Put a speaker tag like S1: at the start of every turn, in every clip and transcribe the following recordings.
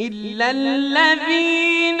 S1: إلا الذين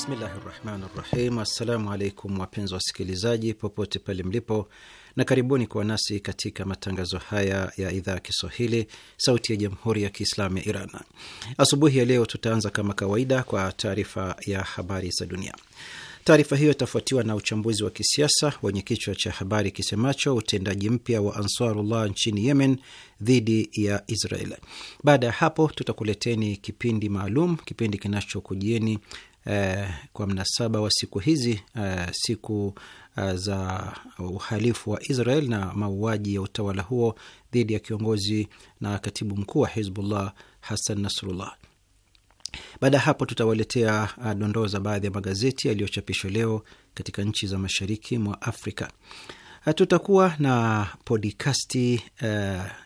S2: Bismillahi rahmani rahim. Assalamu alaikum wapenzi wasikilizaji popote pale mlipo, na karibuni kuwa nasi katika matangazo haya ya idhaa ya Kiswahili sauti ya jamhuri ya Kiislamu ya Iran. Asubuhi ya leo tutaanza kama kawaida kwa taarifa ya habari za dunia. Taarifa hiyo itafuatiwa na uchambuzi wa kisiasa wenye kichwa cha habari kisemacho utendaji mpya wa Ansarullah nchini Yemen dhidi ya Israel. Baada ya hapo, tutakuleteni kipindi maalum, kipindi kinachokujieni eh, kwa mnasaba wa siku hizi eh, siku eh, za uhalifu wa Israel na mauaji ya utawala huo dhidi ya kiongozi na katibu mkuu wa Hizbullah Hassan Nasrullah. Baada ya hapo tutawaletea eh, dondoo za baadhi ya magazeti yaliyochapishwa leo katika nchi za mashariki mwa Afrika tutakuwa na podikasti uh,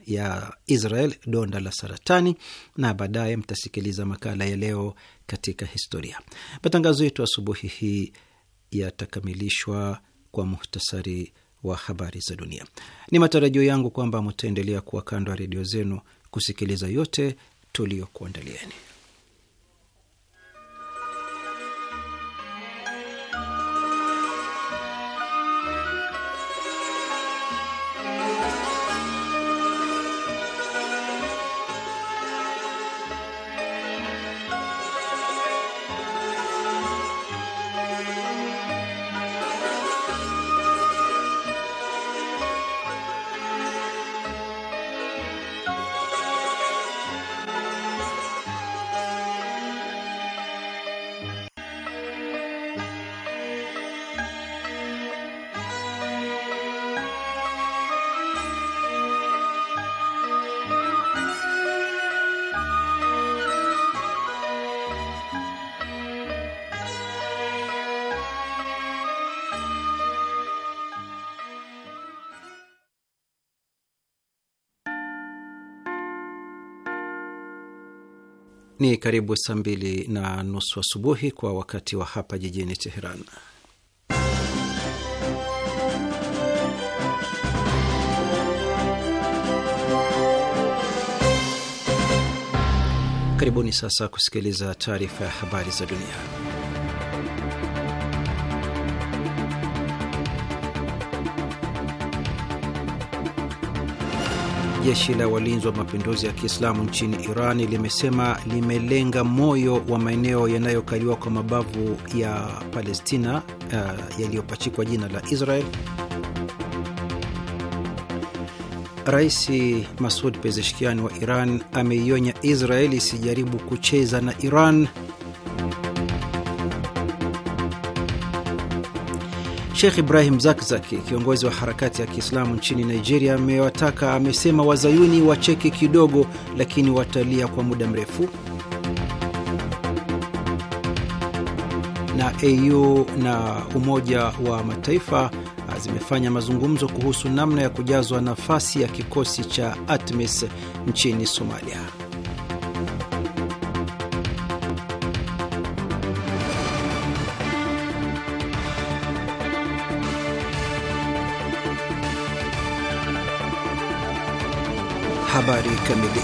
S2: ya Israel donda la saratani, na baadaye mtasikiliza makala ya leo katika historia. Matangazo yetu asubuhi hii yatakamilishwa kwa muhtasari wa habari za dunia. Ni matarajio yangu kwamba mtaendelea kuwa kando ya redio zenu kusikiliza yote tuliyokuandalieni. karibu saa mbili na nusu asubuhi wa kwa wakati wa hapa jijini Teheran. Karibuni sasa kusikiliza taarifa ya habari za dunia. jeshi la walinzi wa mapinduzi ya Kiislamu nchini Iran limesema limelenga moyo wa maeneo yanayokaliwa kwa mabavu ya Palestina uh, yaliyopachikwa jina la Israel. Rais Masud Pezeshkian wa Iran ameionya Israel isijaribu kucheza na Iran Shekh Ibrahim Zakzaki, kiongozi wa harakati ya Kiislamu nchini Nigeria, amewataka amesema wazayuni wacheke kidogo, lakini watalia kwa muda mrefu. Na AU na Umoja wa Mataifa ah, zimefanya mazungumzo kuhusu namna ya kujazwa nafasi ya kikosi cha ATMIS nchini Somalia. Habari kamili.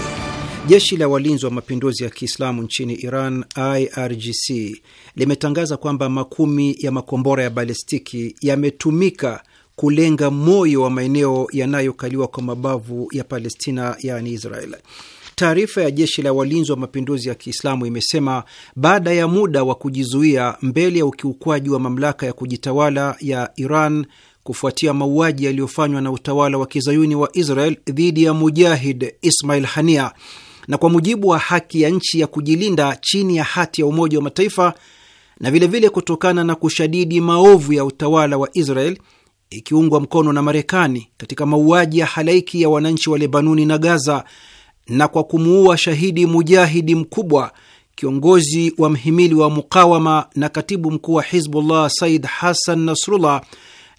S2: Jeshi la walinzi wa mapinduzi ya Kiislamu nchini Iran, IRGC, limetangaza kwamba makumi ya makombora ya balistiki yametumika kulenga moyo wa maeneo yanayokaliwa kwa mabavu ya Palestina, yaani Israel. Taarifa ya jeshi la walinzi wa mapinduzi ya Kiislamu imesema baada ya muda wa kujizuia mbele ya ukiukwaji wa mamlaka ya kujitawala ya Iran kufuatia mauaji yaliyofanywa na utawala wa kizayuni wa Israel dhidi ya mujahid Ismail Hania, na kwa mujibu wa haki ya nchi ya kujilinda chini ya hati ya Umoja wa Mataifa, na vilevile vile kutokana na kushadidi maovu ya utawala wa Israel ikiungwa mkono na Marekani katika mauaji ya halaiki ya wananchi wa Lebanuni na Gaza, na kwa kumuua shahidi mujahidi mkubwa kiongozi wa mhimili wa mukawama na katibu mkuu wa Hizbullah Said Hassan Nasrullah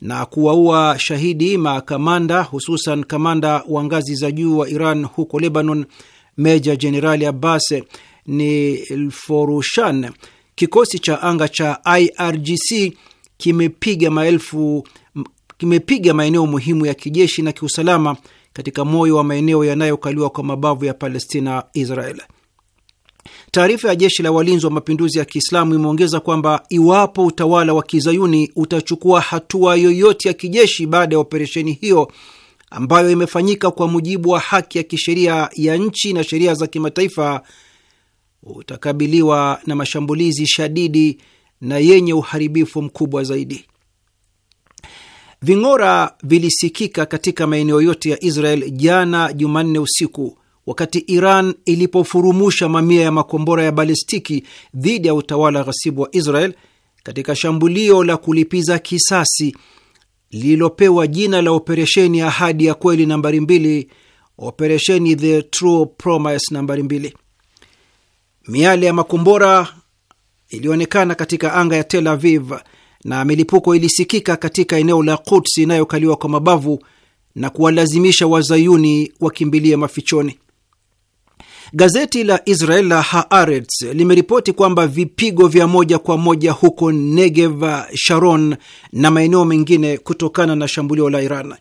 S2: na kuwaua shahidi makamanda, hususan kamanda wa ngazi za juu wa Iran huko Lebanon, Meja Jenerali Abbas ni lforushan Kikosi cha anga cha IRGC kimepiga maelfu kimepiga maeneo muhimu ya kijeshi na kiusalama katika moyo wa maeneo yanayokaliwa kwa mabavu ya Palestina Israel. Taarifa ya jeshi la walinzi wa mapinduzi ya Kiislamu imeongeza kwamba iwapo utawala wa kizayuni utachukua hatua yoyote ya kijeshi baada ya operesheni hiyo ambayo imefanyika kwa mujibu wa haki ya kisheria ya nchi na sheria za kimataifa, utakabiliwa na mashambulizi shadidi na yenye uharibifu mkubwa zaidi. Ving'ora vilisikika katika maeneo yote ya Israel jana Jumanne usiku wakati Iran ilipofurumusha mamia ya makombora ya balistiki dhidi ya utawala ghasibu wa Israel katika shambulio la kulipiza kisasi lililopewa jina la operesheni ya ahadi ya kweli nambari mbili, operesheni The True Promise nambari mbili. Miale ya makombora ilionekana katika anga ya Tel Aviv na milipuko ilisikika katika eneo la Quds inayokaliwa kwa mabavu na kuwalazimisha wazayuni wakimbilie mafichoni. Gazeti la Israel la Haaretz limeripoti kwamba vipigo vya moja kwa moja huko Negev, Sharon na maeneo mengine kutokana na shambulio la Iran.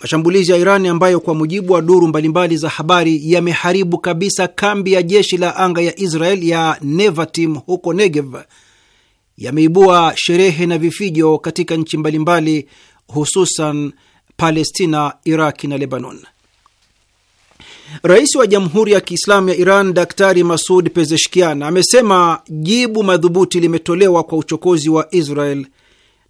S2: Mashambulizi ya Iran ambayo kwa mujibu wa duru mbalimbali za habari yameharibu kabisa kambi ya jeshi la anga ya Israel ya Nevatim huko Negev yameibua sherehe na vifijo katika nchi mbalimbali hususan Palestina, Iraki na Lebanon. Rais wa Jamhuri ya Kiislamu ya Iran Daktari Masud Pezeshkian amesema jibu madhubuti limetolewa kwa uchokozi wa Israel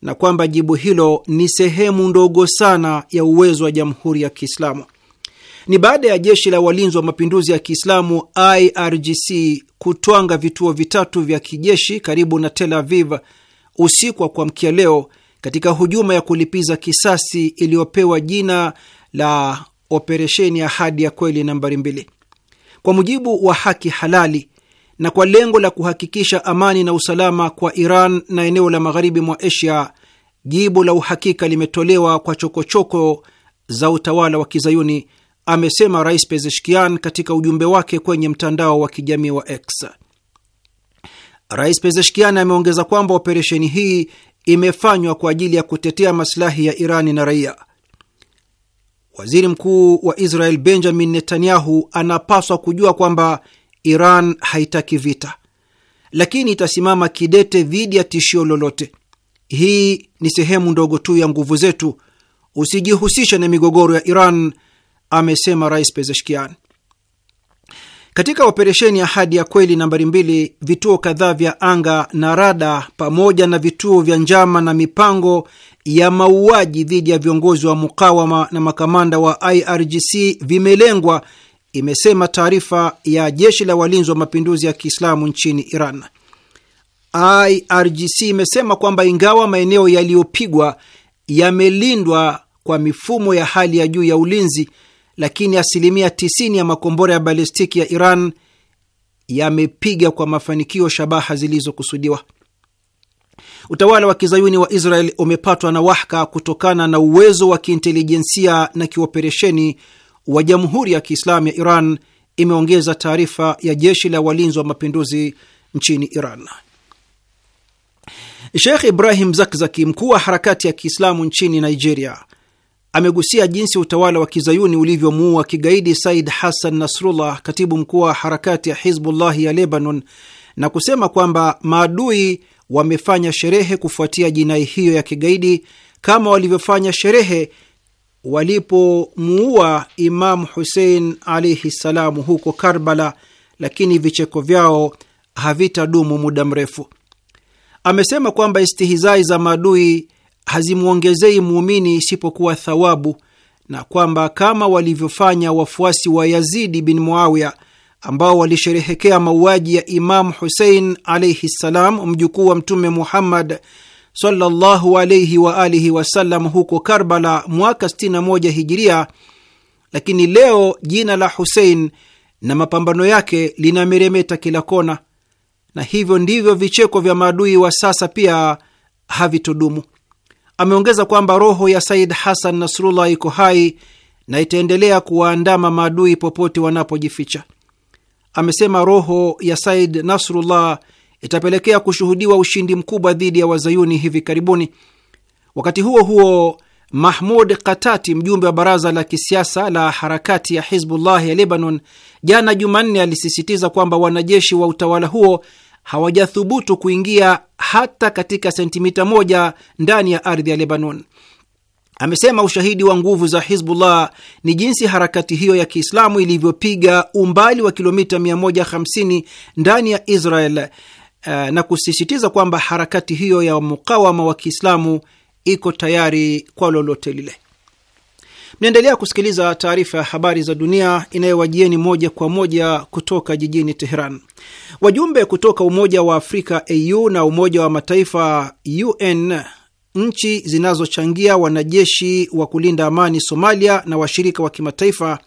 S2: na kwamba jibu hilo ni sehemu ndogo sana ya uwezo wa Jamhuri ya Kiislamu. Ni baada ya jeshi la walinzi wa mapinduzi ya Kiislamu IRGC kutwanga vituo vitatu vya kijeshi karibu na Tel Aviv usiku wa kuamkia leo katika hujuma ya kulipiza kisasi iliyopewa jina la operesheni Ahadi ya Kweli nambari mbili, kwa mujibu wa haki halali na kwa lengo la kuhakikisha amani na usalama kwa Iran na eneo la magharibi mwa Asia. Jibu la uhakika limetolewa kwa chokochoko choko za utawala wa Kizayuni, amesema Rais Pezeshkian katika ujumbe wake kwenye mtandao wa kijamii wa X. Rais Pezeshkian ameongeza kwamba operesheni hii imefanywa kwa ajili ya kutetea masilahi ya Irani na raia Waziri mkuu wa Israel Benjamin Netanyahu anapaswa kujua kwamba Iran haitaki vita, lakini itasimama kidete dhidi ya tishio lolote. Hii ni sehemu ndogo tu ya nguvu zetu, usijihusishe na migogoro ya Iran, amesema Rais Pezeshkian. Katika operesheni ya Ahadi ya Kweli nambari mbili, vituo kadhaa vya anga na rada pamoja na vituo vya njama na mipango ya mauaji dhidi ya viongozi wa mukawama na makamanda wa IRGC vimelengwa, imesema taarifa ya jeshi la walinzi wa mapinduzi ya Kiislamu nchini Iran. IRGC imesema kwamba ingawa maeneo yaliyopigwa yamelindwa kwa mifumo ya hali ya juu ya ulinzi, lakini asilimia 90 ya makombora ya balistiki ya Iran yamepiga kwa mafanikio shabaha zilizokusudiwa. Utawala wa kizayuni wa Israel umepatwa na wahka kutokana na uwezo wa kiintelijensia na kioperesheni wa Jamhuri ya Kiislamu ya Iran, imeongeza taarifa ya jeshi la walinzi wa mapinduzi nchini Iran. Sheikh Ibrahim Zakzaki, mkuu wa harakati ya Kiislamu nchini Nigeria, amegusia jinsi utawala wa kizayuni ulivyomuua kigaidi Said Hassan Nasrullah, katibu mkuu wa harakati ya Hizbullahi ya Lebanon, na kusema kwamba maadui wamefanya sherehe kufuatia jinai hiyo ya kigaidi kama walivyofanya sherehe walipomuua Imamu Husein alaihi ssalamu huko Karbala, lakini vicheko vyao havitadumu muda mrefu. Amesema kwamba istihizai za maadui hazimwongezei muumini isipokuwa thawabu, na kwamba kama walivyofanya wafuasi wa Yazidi bin Muawiya ambao walisherehekea mauaji ya Imamu Husein alaihi ssalam, mjukuu wa Mtume Muhammad sallallahu alaihi wa alihi wasallam huko Karbala mwaka 61 hijiria, lakini leo jina la Husein na mapambano yake linameremeta kila kona, na hivyo ndivyo vicheko vya maadui wa sasa pia havitodumu. Ameongeza kwamba roho ya Said Hasan Nasrullah iko hai na itaendelea kuwaandama maadui popote wanapojificha amesema roho ya Said Nasrullah itapelekea kushuhudiwa ushindi mkubwa dhidi ya wazayuni hivi karibuni. Wakati huo huo, Mahmud Katati, mjumbe wa baraza la kisiasa la harakati ya Hizbullah ya Lebanon, jana Jumanne alisisitiza kwamba wanajeshi wa utawala huo hawajathubutu kuingia hata katika sentimita moja ndani ya ardhi ya Lebanon. Amesema ushahidi wa nguvu za Hizbullah ni jinsi harakati hiyo ya Kiislamu ilivyopiga umbali wa kilomita 150 ndani ya Israel eh, na kusisitiza kwamba harakati hiyo ya mukawama wa Kiislamu iko tayari kwa lolote lile. Mnaendelea kusikiliza taarifa ya habari za dunia inayowajieni moja kwa moja kutoka jijini Teheran. Wajumbe kutoka Umoja wa Afrika AU na Umoja wa Mataifa UN nchi zinazochangia wanajeshi wa kulinda amani Somalia na washirika wa kimataifa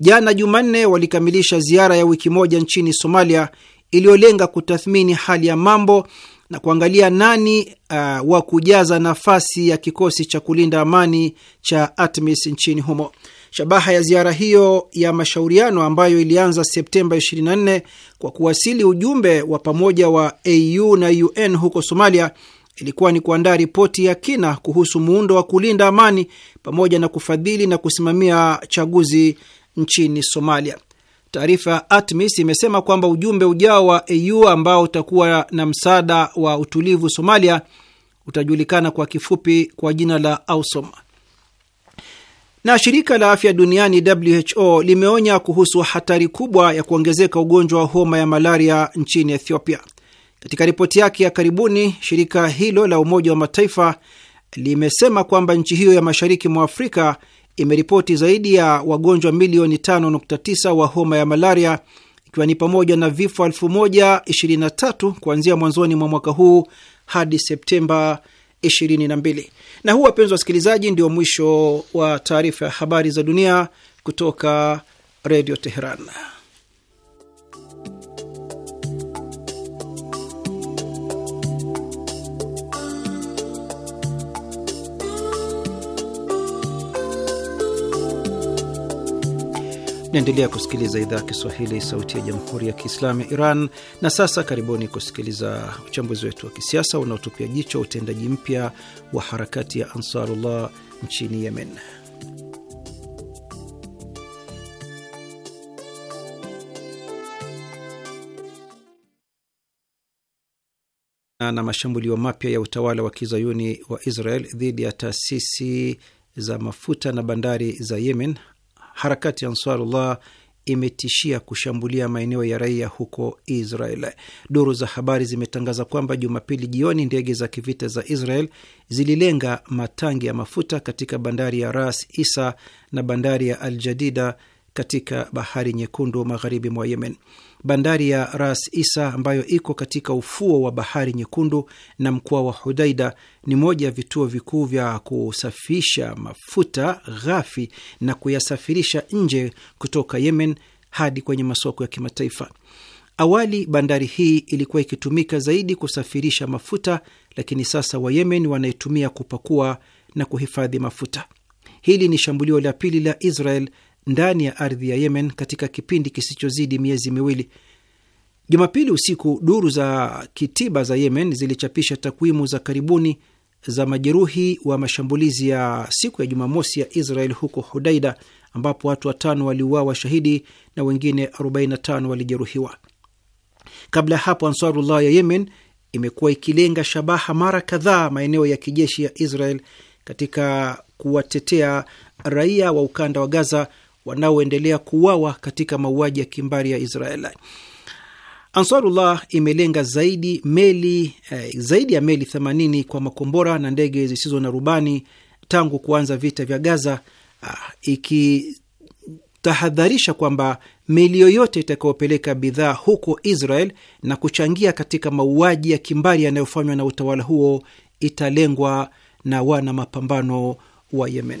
S2: jana Jumanne walikamilisha ziara ya wiki moja nchini Somalia iliyolenga kutathmini hali ya mambo na kuangalia nani uh, wa kujaza nafasi ya kikosi cha kulinda amani cha ATMIS nchini humo. Shabaha ya ziara hiyo ya mashauriano ambayo ilianza Septemba 24 kwa kuwasili ujumbe wa pamoja wa AU na UN huko Somalia ilikuwa ni kuandaa ripoti ya kina kuhusu muundo wa kulinda amani pamoja na kufadhili na kusimamia chaguzi nchini Somalia. Taarifa ya ATMIS imesema kwamba ujumbe ujao wa AU ambao utakuwa na msaada wa utulivu Somalia utajulikana kwa kifupi kwa jina la AUSOM. Na shirika la afya duniani WHO limeonya kuhusu hatari kubwa ya kuongezeka ugonjwa wa homa ya malaria nchini Ethiopia. Katika ripoti yake ya karibuni, shirika hilo la Umoja wa Mataifa limesema kwamba nchi hiyo ya mashariki mwa Afrika imeripoti zaidi ya wagonjwa milioni 5.9 wa homa ya malaria ikiwa ni pamoja na vifo 1023 kuanzia mwanzoni mwa mwaka huu hadi Septemba 22. Na huu, wapenzi wasikilizaji, ndio mwisho wa taarifa ya habari za dunia kutoka Redio Teheran. Naendelea kusikiliza idhaa ya Kiswahili, sauti ya jamhuri ya kiislamu ya Iran. Na sasa karibuni kusikiliza uchambuzi wetu wa kisiasa unaotupia jicho utendaji mpya wa harakati ya Ansarullah nchini Yemen. na mashambulio mapya ya utawala wa kizayuni wa Israel dhidi ya taasisi za mafuta na bandari za Yemen harakati ya Ansarullah imetishia kushambulia maeneo ya raia huko Israel. Duru za habari zimetangaza kwamba Jumapili jioni ndege za kivita za Israel zililenga matangi ya mafuta katika bandari ya Ras Isa na bandari ya Al Jadida katika bahari nyekundu magharibi mwa Yemen. Bandari ya Ras Isa ambayo iko katika ufuo wa bahari Nyekundu na mkoa wa Hudaida ni moja ya vituo vikuu vya kusafisha mafuta ghafi na kuyasafirisha nje kutoka Yemen hadi kwenye masoko ya kimataifa. Awali bandari hii ilikuwa ikitumika zaidi kusafirisha mafuta, lakini sasa Wayemen wanaitumia kupakua na kuhifadhi mafuta. Hili ni shambulio la pili la Israel ndani ya ardhi ya Yemen katika kipindi kisichozidi miezi miwili. Jumapili usiku, duru za kitiba za Yemen zilichapisha takwimu za karibuni za majeruhi wa mashambulizi ya siku ya Jumamosi ya Israel huko Hudaida, ambapo watu watano waliuawa shahidi na wengine 45 walijeruhiwa. Kabla ya hapo, Ansarullah ya Yemen imekuwa ikilenga shabaha mara kadhaa maeneo ya kijeshi ya Israel katika kuwatetea raia wa ukanda wa Gaza wanaoendelea kuuawa katika mauaji ya kimbari ya israel Ansarullah imelenga zaidi meli eh, zaidi ya meli 80 kwa makombora na ndege zisizo na rubani tangu kuanza vita vya Gaza, ah, ikitahadharisha kwamba meli yoyote itakayopeleka bidhaa huko Israel na kuchangia katika mauaji ya kimbari yanayofanywa na utawala huo italengwa na wana mapambano wa Yemen.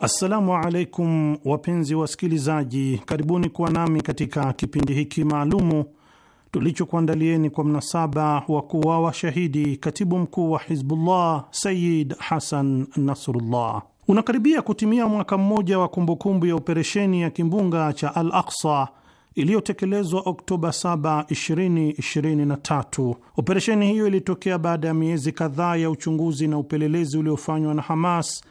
S3: Assalamu alaikum wapenzi wasikilizaji, karibuni kuwa nami katika kipindi hiki maalumu tulichokuandalieni kwa mnasaba wa kuwawa shahidi katibu mkuu wa Hizbullah Sayid Hasan Nasrullah. Unakaribia kutimia mwaka mmoja wa kumbukumbu ya operesheni ya kimbunga cha Al Aqsa iliyotekelezwa Oktoba 7, 2023. Operesheni hiyo ilitokea baada ya miezi kadhaa ya uchunguzi na upelelezi uliofanywa na Hamas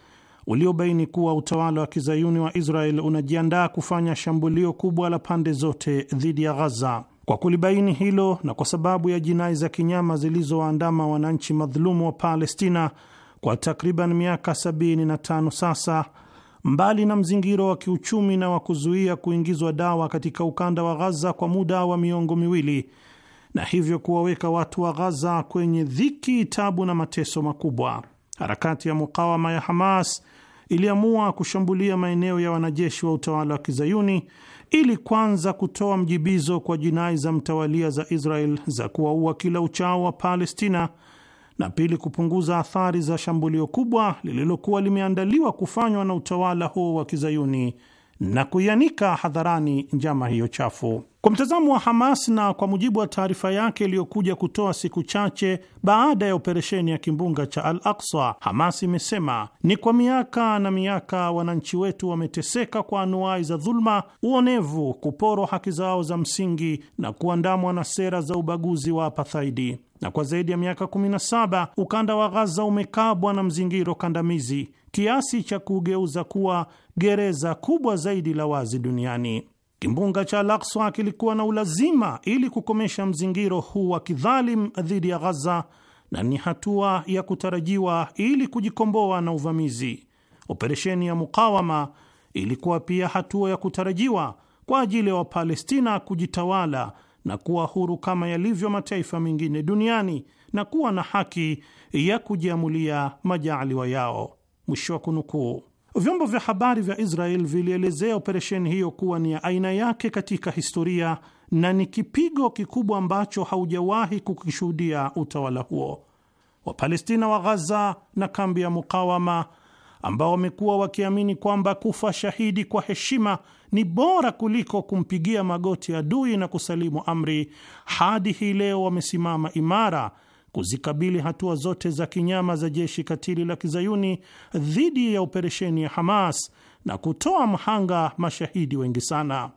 S3: uliobaini kuwa utawala wa kizayuni wa Israel unajiandaa kufanya shambulio kubwa la pande zote dhidi ya Ghaza. Kwa kulibaini hilo na kwa sababu ya jinai za kinyama zilizowaandama wananchi madhulumu wa Palestina kwa takriban miaka 75 sasa, mbali na mzingiro wa kiuchumi na wa kuzuia kuingizwa dawa katika ukanda wa Ghaza kwa muda wa miongo miwili, na hivyo kuwaweka watu wa Ghaza kwenye dhiki, tabu na mateso makubwa Harakati ya mukawama ya Hamas iliamua kushambulia maeneo ya wanajeshi wa utawala wa kizayuni ili kwanza kutoa mjibizo kwa jinai za mtawalia za Israel za kuwaua kila uchao wa Palestina na pili kupunguza athari za shambulio kubwa lililokuwa limeandaliwa kufanywa na utawala huo wa kizayuni na kuianika hadharani njama hiyo chafu. Kwa mtazamo wa Hamas na kwa mujibu wa taarifa yake iliyokuja kutoa siku chache baada ya operesheni ya kimbunga cha Al Aksa, Hamas imesema ni kwa miaka na miaka wananchi wetu wameteseka kwa anuai za dhuluma, uonevu, kuporwa haki zao za msingi na kuandamwa na sera za ubaguzi wa apathaidi, na kwa zaidi ya miaka 17 ukanda wa Ghaza umekabwa na mzingiro kandamizi kiasi cha kugeuza kuwa gereza kubwa zaidi la wazi duniani. Kimbunga cha Al-Aqsa kilikuwa na ulazima ili kukomesha mzingiro huu wa kidhalim dhidi ya Ghaza, na ni hatua ya kutarajiwa ili kujikomboa na uvamizi. Operesheni ya mukawama ilikuwa pia hatua ya kutarajiwa kwa ajili ya Wapalestina kujitawala na kuwa huru kama yalivyo mataifa mengine duniani na kuwa na haki ya kujiamulia majaaliwa yao. Mwisho wa kunukuu. Vyombo vya habari vya Israel vilielezea operesheni hiyo kuwa ni ya aina yake katika historia na ni kipigo kikubwa ambacho haujawahi kukishuhudia utawala huo. Wapalestina wa Ghaza na kambi ya mukawama ambao wamekuwa wakiamini kwamba kufa shahidi kwa heshima ni bora kuliko kumpigia magoti adui na kusalimu amri, hadi hii leo wamesimama imara kuzikabili hatua zote za kinyama za jeshi katili la kizayuni dhidi ya operesheni ya Hamas na kutoa mhanga mashahidi wengi sana.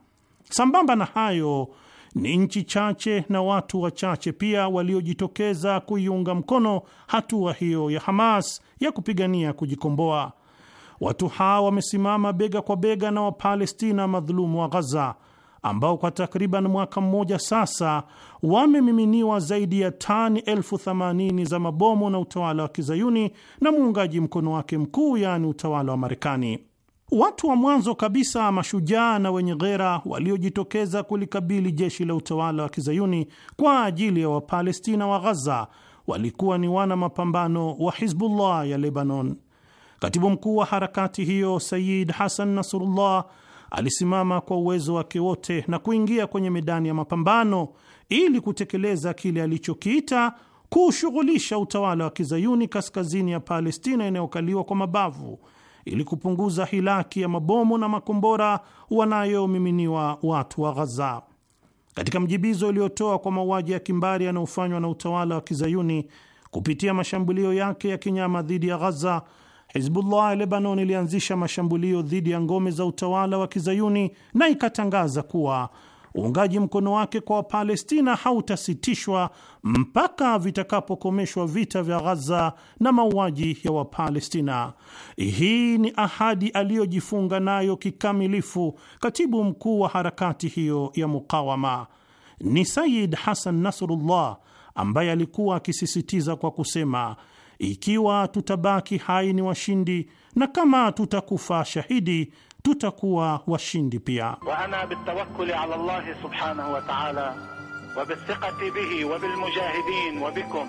S3: Sambamba na hayo, ni nchi chache na watu wachache pia waliojitokeza kuiunga mkono hatua hiyo ya Hamas ya kupigania kujikomboa. Watu hawa wamesimama bega kwa bega na Wapalestina madhulumu wa Ghaza ambao kwa takriban mwaka mmoja sasa wamemiminiwa zaidi ya tani elfu themanini za mabomu na utawala wa kizayuni na muungaji mkono wake mkuu, yaani utawala wa Marekani. Watu wa mwanzo kabisa mashujaa na wenye ghera waliojitokeza kulikabili jeshi la utawala wa kizayuni kwa ajili ya Wapalestina wa, wa Ghaza walikuwa ni wana mapambano wa Hizbullah ya Lebanon. Katibu mkuu wa harakati hiyo Sayid Hasan Nasrullah alisimama kwa uwezo wake wote na kuingia kwenye medani ya mapambano ili kutekeleza kile alichokiita kuushughulisha utawala wa kizayuni kaskazini ya Palestina inayokaliwa kwa mabavu ili kupunguza hilaki ya mabomu na makombora wanayomiminiwa watu wa Ghaza. Katika mjibizo uliotoa kwa mauaji ya kimbari yanayofanywa na utawala wa kizayuni kupitia mashambulio yake ya kinyama dhidi ya Ghaza, Hizbullah ya Lebanon ilianzisha mashambulio dhidi ya ngome za utawala wa kizayuni na ikatangaza kuwa uungaji mkono wake kwa Wapalestina hautasitishwa mpaka vitakapokomeshwa vita vya Ghaza na mauaji ya Wapalestina. Hii ni ahadi aliyojifunga nayo kikamilifu katibu mkuu wa harakati hiyo ya mukawama ni Sayid Hasan Nasrullah, ambaye alikuwa akisisitiza kwa kusema ikiwa tutabaki hai ni washindi, na kama tutakufa shahidi tutakuwa washindi pia. wa ana bitawakkuli ala Allahi subhanahu wa ta'ala wa bithiqati bihi wa bilmujahidin wa bikum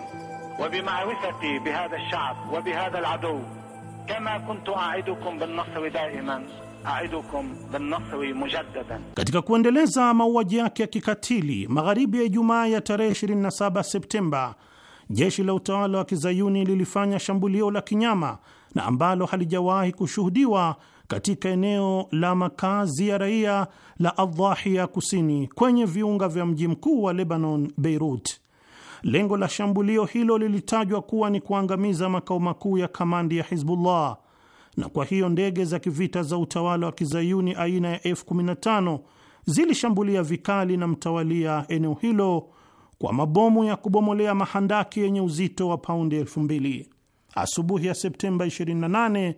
S3: wa bima'rifati bihadha ash-sha'b wa bihadha al kama kuntu a'idukum bin-nasri da'iman katika kuendeleza mauaji yake ya kikatili magharibi ya Ijumaa ya tarehe 27 Septemba jeshi la utawala wa kizayuni lilifanya shambulio la kinyama na ambalo halijawahi kushuhudiwa katika eneo la makazi ya raia la Adhahia kusini kwenye viunga vya mji mkuu wa Lebanon, Beirut. Lengo la shambulio hilo lilitajwa kuwa ni kuangamiza makao makuu ya kamandi ya Hizbullah, na kwa hiyo ndege za kivita za utawala wa kizayuni aina ya F-15 zilishambulia vikali na mtawalia eneo hilo kwa mabomu ya kubomolea mahandaki yenye uzito wa paundi elfu mbili. Asubuhi ya Septemba 28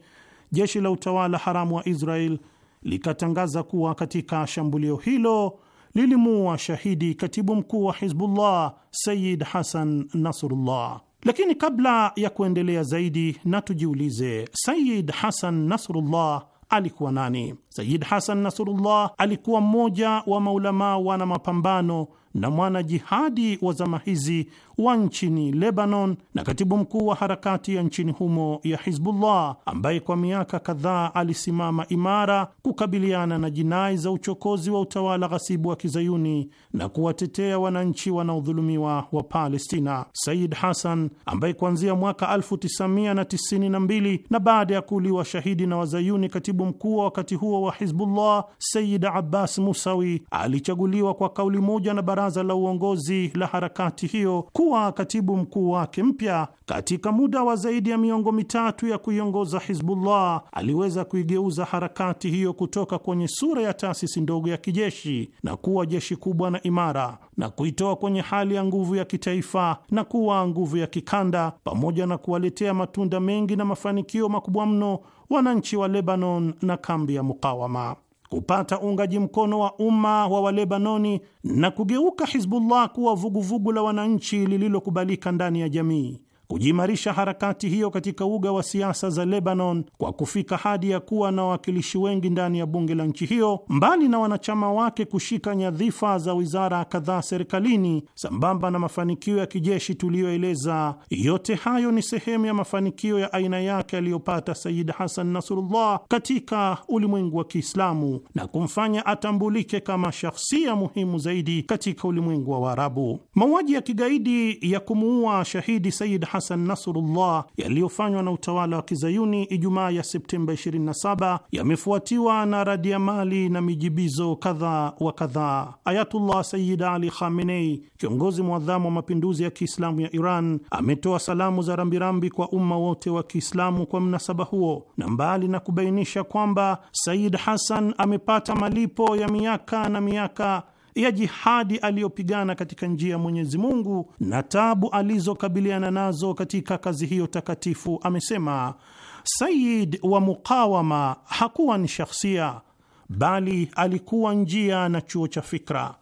S3: jeshi la utawala haramu wa Israel likatangaza kuwa katika shambulio hilo lilimuua shahidi katibu mkuu wa Hizbullah Sayid Hasan Nasrullah. Lakini kabla ya kuendelea zaidi, na tujiulize, Sayid Hasan Nasrullah alikuwa nani? Sayid Hasan Nasrullah alikuwa mmoja wa maulamaa wana mapambano na mwanajihadi wa zama hizi wa nchini Lebanon na katibu mkuu wa harakati ya nchini humo ya Hizbullah ambaye kwa miaka kadhaa alisimama imara kukabiliana na jinai za uchokozi wa utawala ghasibu wa kizayuni na kuwatetea wananchi wanaodhulumiwa wa Palestina. sayid hasan ambaye kuanzia mwaka 1992 na baada ya kuuliwa shahidi na wazayuni, katibu mkuu wa wakati huo wa Hizbullah Sayid Abbas Musawi alichaguliwa kwa kauli moja na baraza la uongozi la harakati hiyo kuwa katibu mkuu wake mpya. Katika muda wa zaidi ya miongo mitatu ya kuiongoza Hizbullah, aliweza kuigeuza harakati hiyo kutoka kwenye sura ya taasisi ndogo ya kijeshi na kuwa jeshi kubwa na imara na kuitoa kwenye hali ya nguvu ya kitaifa na kuwa nguvu ya kikanda, pamoja na kuwaletea matunda mengi na mafanikio makubwa mno wananchi wa Lebanon na kambi ya mukawama kupata uungaji mkono wa umma wa Walebanoni na kugeuka Hizbullah kuwa vuguvugu vugu la wananchi lililokubalika ndani ya jamii kujiimarisha harakati hiyo katika uga wa siasa za Lebanon kwa kufika hadi ya kuwa na wawakilishi wengi ndani ya bunge la nchi hiyo, mbali na wanachama wake kushika nyadhifa za wizara kadhaa serikalini, sambamba na mafanikio ya kijeshi tuliyoeleza. Yote hayo ni sehemu ya mafanikio ya aina yake aliyopata Sayid Hasan Nasrullah katika ulimwengu wa Kiislamu na kumfanya atambulike kama shahsia muhimu zaidi katika ulimwengu wa Waarabu. Mauaji ya kigaidi ya kumuua shahidi Sayid Hasan Nasrullah yaliyofanywa na utawala wa kizayuni Ijumaa ya Septemba 27 yamefuatiwa na radiamali na mijibizo kadha wa kadhaa. Ayatullah Sayyid Ali Khamenei, kiongozi mwadhamu wa mapinduzi ya Kiislamu ya Iran, ametoa salamu za rambirambi kwa umma wote wa Kiislamu kwa mnasaba huo, na mbali na kubainisha kwamba Sayyid Hasan amepata malipo ya miaka na miaka ya jihadi aliyopigana katika njia ya Mwenyezi Mungu na tabu alizokabiliana nazo katika kazi hiyo takatifu, amesema Sayid wa Muqawama hakuwa ni shakhsia, bali alikuwa njia na chuo cha fikra,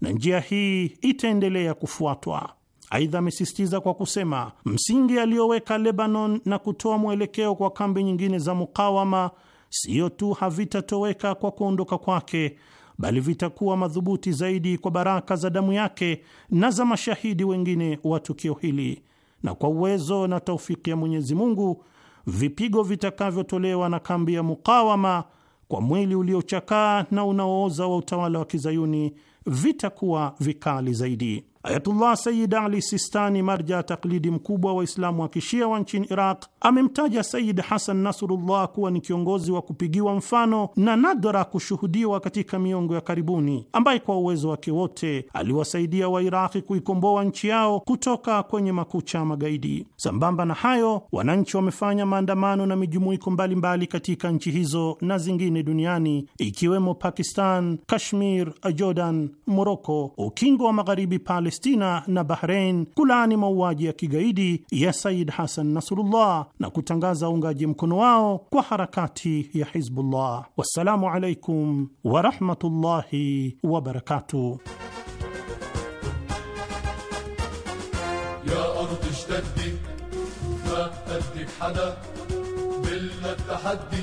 S3: na njia hii itaendelea kufuatwa. Aidha, amesisitiza kwa kusema msingi aliyoweka Lebanon na kutoa mwelekeo kwa kambi nyingine za mukawama siyo tu havitatoweka kwa kuondoka kwake, bali vitakuwa madhubuti zaidi kwa baraka za damu yake na za mashahidi wengine wa tukio hili, na kwa uwezo na taufiki ya Mwenyezi Mungu, vipigo vitakavyotolewa na kambi ya mukawama kwa mwili uliochakaa na unaooza wa utawala wa kizayuni vitakuwa vikali zaidi. Ayatullah Sayid Ali Sistani, marja taklidi mkubwa wa Waislamu wa kishia wa nchini Iraq, amemtaja Sayid Hasan Nasrullah kuwa ni kiongozi wa kupigiwa mfano na nadra kushuhudiwa katika miongo ya karibuni, ambaye kwa uwezo wake wote aliwasaidia Wairaqi kuikomboa nchi yao kutoka kwenye makucha magaidi. Sambamba na hayo, wananchi wamefanya maandamano na mijumuiko mbalimbali katika nchi hizo na zingine duniani, ikiwemo Pakistan, Kashmir, Jordan, Moroko, ukingo wa magharibi pale Palestina na Bahrein kulaani mauaji ya kigaidi ya Said Hassan Nasrullah na kutangaza uungaji mkono wao kwa harakati ya Hizbullah. Wassalamu alaikum warahmatullahi wabarakatuh.
S1: حدا بلنا التحدي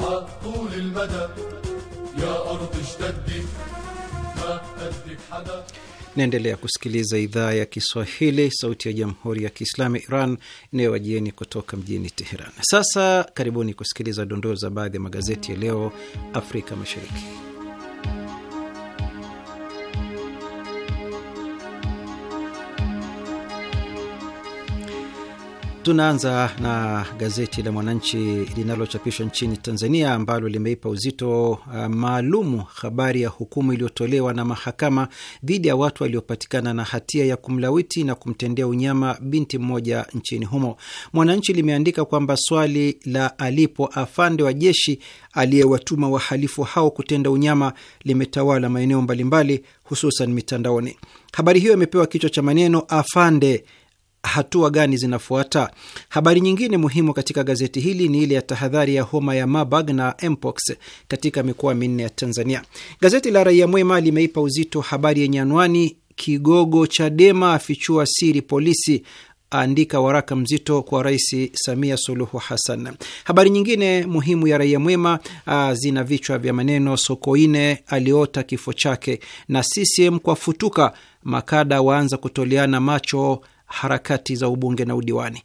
S1: عطول المدى يا أرض اشتدي ما قدك حدا
S2: Naendelea kusikiliza idhaa ya Kiswahili, sauti ya jamhuri ya kiislamu Iran inayowajieni kutoka mjini Teheran. Sasa karibuni kusikiliza dondoo za baadhi ya magazeti ya leo Afrika Mashariki. Tunaanza na gazeti la Mwananchi linalochapishwa nchini Tanzania, ambalo limeipa uzito uh, maalumu habari ya hukumu iliyotolewa na mahakama dhidi ya watu waliopatikana na hatia ya kumlawiti na kumtendea unyama binti mmoja nchini humo. Mwananchi limeandika kwamba swali la alipo afande wa jeshi aliyewatuma wahalifu hao kutenda unyama limetawala maeneo mbalimbali, hususan mitandaoni. Habari hiyo imepewa kichwa cha maneno afande hatua gani zinafuata? Habari nyingine muhimu katika gazeti hili ni ile ya tahadhari ya homa ya Marburg na mpox katika mikoa minne ya Tanzania. Gazeti la Raia Mwema limeipa uzito habari yenye anwani kigogo Chadema afichua siri polisi aandika waraka mzito kwa Rais Samia Suluhu Hassan. Habari nyingine muhimu ya Raia Mwema ah, zina vichwa vya maneno Sokoine aliota kifo chake na CCM kwa futuka, makada waanza kutoleana macho harakati za ubunge na udiwani.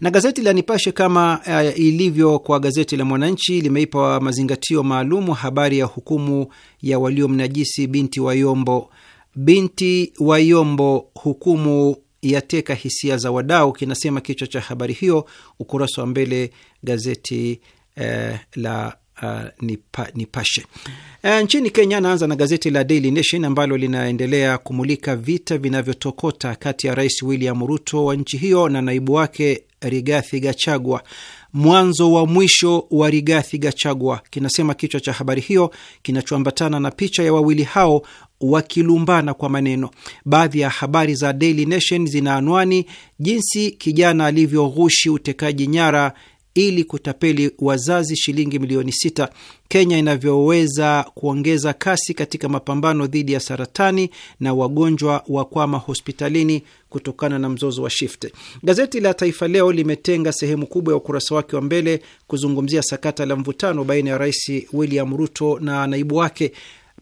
S2: Na gazeti la Nipashe kama uh, ilivyo kwa gazeti la Mwananchi limeipa mazingatio maalumu habari ya hukumu ya waliomnajisi binti Wayombo. Binti Wayombo, hukumu yateka hisia za wadau, kinasema kichwa cha habari hiyo, ukurasa wa mbele gazeti uh, la Uh, nipashe uh, nchini Kenya. Anaanza na gazeti la Daily Nation ambalo linaendelea kumulika vita vinavyotokota kati ya Rais William Ruto wa nchi hiyo na naibu wake Rigathi Gachagua. Mwanzo wa mwisho wa Rigathi Gachagua, kinasema kichwa cha habari hiyo kinachoambatana na picha ya wawili hao wakilumbana kwa maneno. Baadhi ya habari za Daily Nation zina anwani jinsi kijana alivyoghushi utekaji nyara ili kutapeli wazazi shilingi milioni sita. Kenya inavyoweza kuongeza kasi katika mapambano dhidi ya saratani na wagonjwa wa kwama hospitalini kutokana na mzozo wa shift. Gazeti la Taifa Leo limetenga sehemu kubwa ya ukurasa wake wa mbele kuzungumzia sakata la mvutano baina ya Rais William Ruto na naibu wake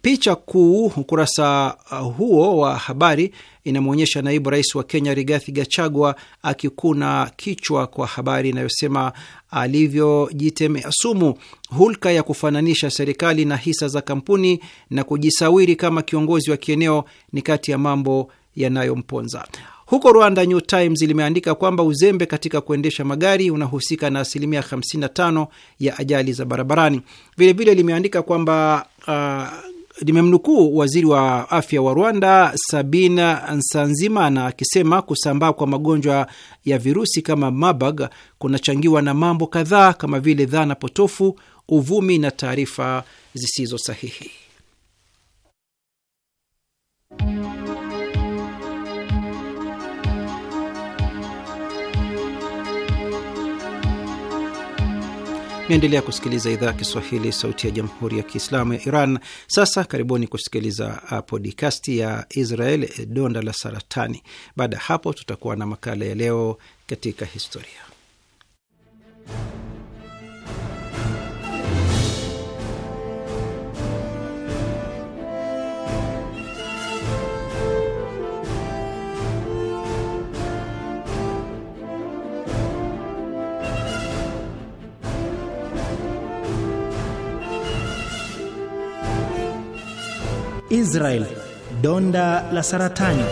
S2: Picha kuu ukurasa uh, huo wa habari inamwonyesha naibu rais wa Kenya Rigathi Gachagua akikuna kichwa kwa habari inayosema alivyojitemea sumu, hulka ya kufananisha serikali na hisa za kampuni na kujisawiri kama kiongozi wa kieneo ni kati ya mambo yanayomponza. Huko Rwanda, New Times limeandika kwamba uzembe katika kuendesha magari unahusika na asilimia 55 ya ajali za barabarani. Vilevile limeandika kwamba uh, limemnukuu waziri wa afya wa Rwanda Sabina Nsanzimana akisema kusambaa kwa magonjwa ya virusi kama Marburg kunachangiwa na mambo kadhaa kama vile dhana potofu, uvumi na taarifa zisizo sahihi. Naendelea kusikiliza idhaa ya Kiswahili, sauti ya jamhuri ya kiislamu ya Iran. Sasa karibuni kusikiliza uh, podikasti ya Israel, eh, donda la saratani. Baada ya hapo, tutakuwa na makala ya leo katika historia.
S4: Israel, donda la saratani.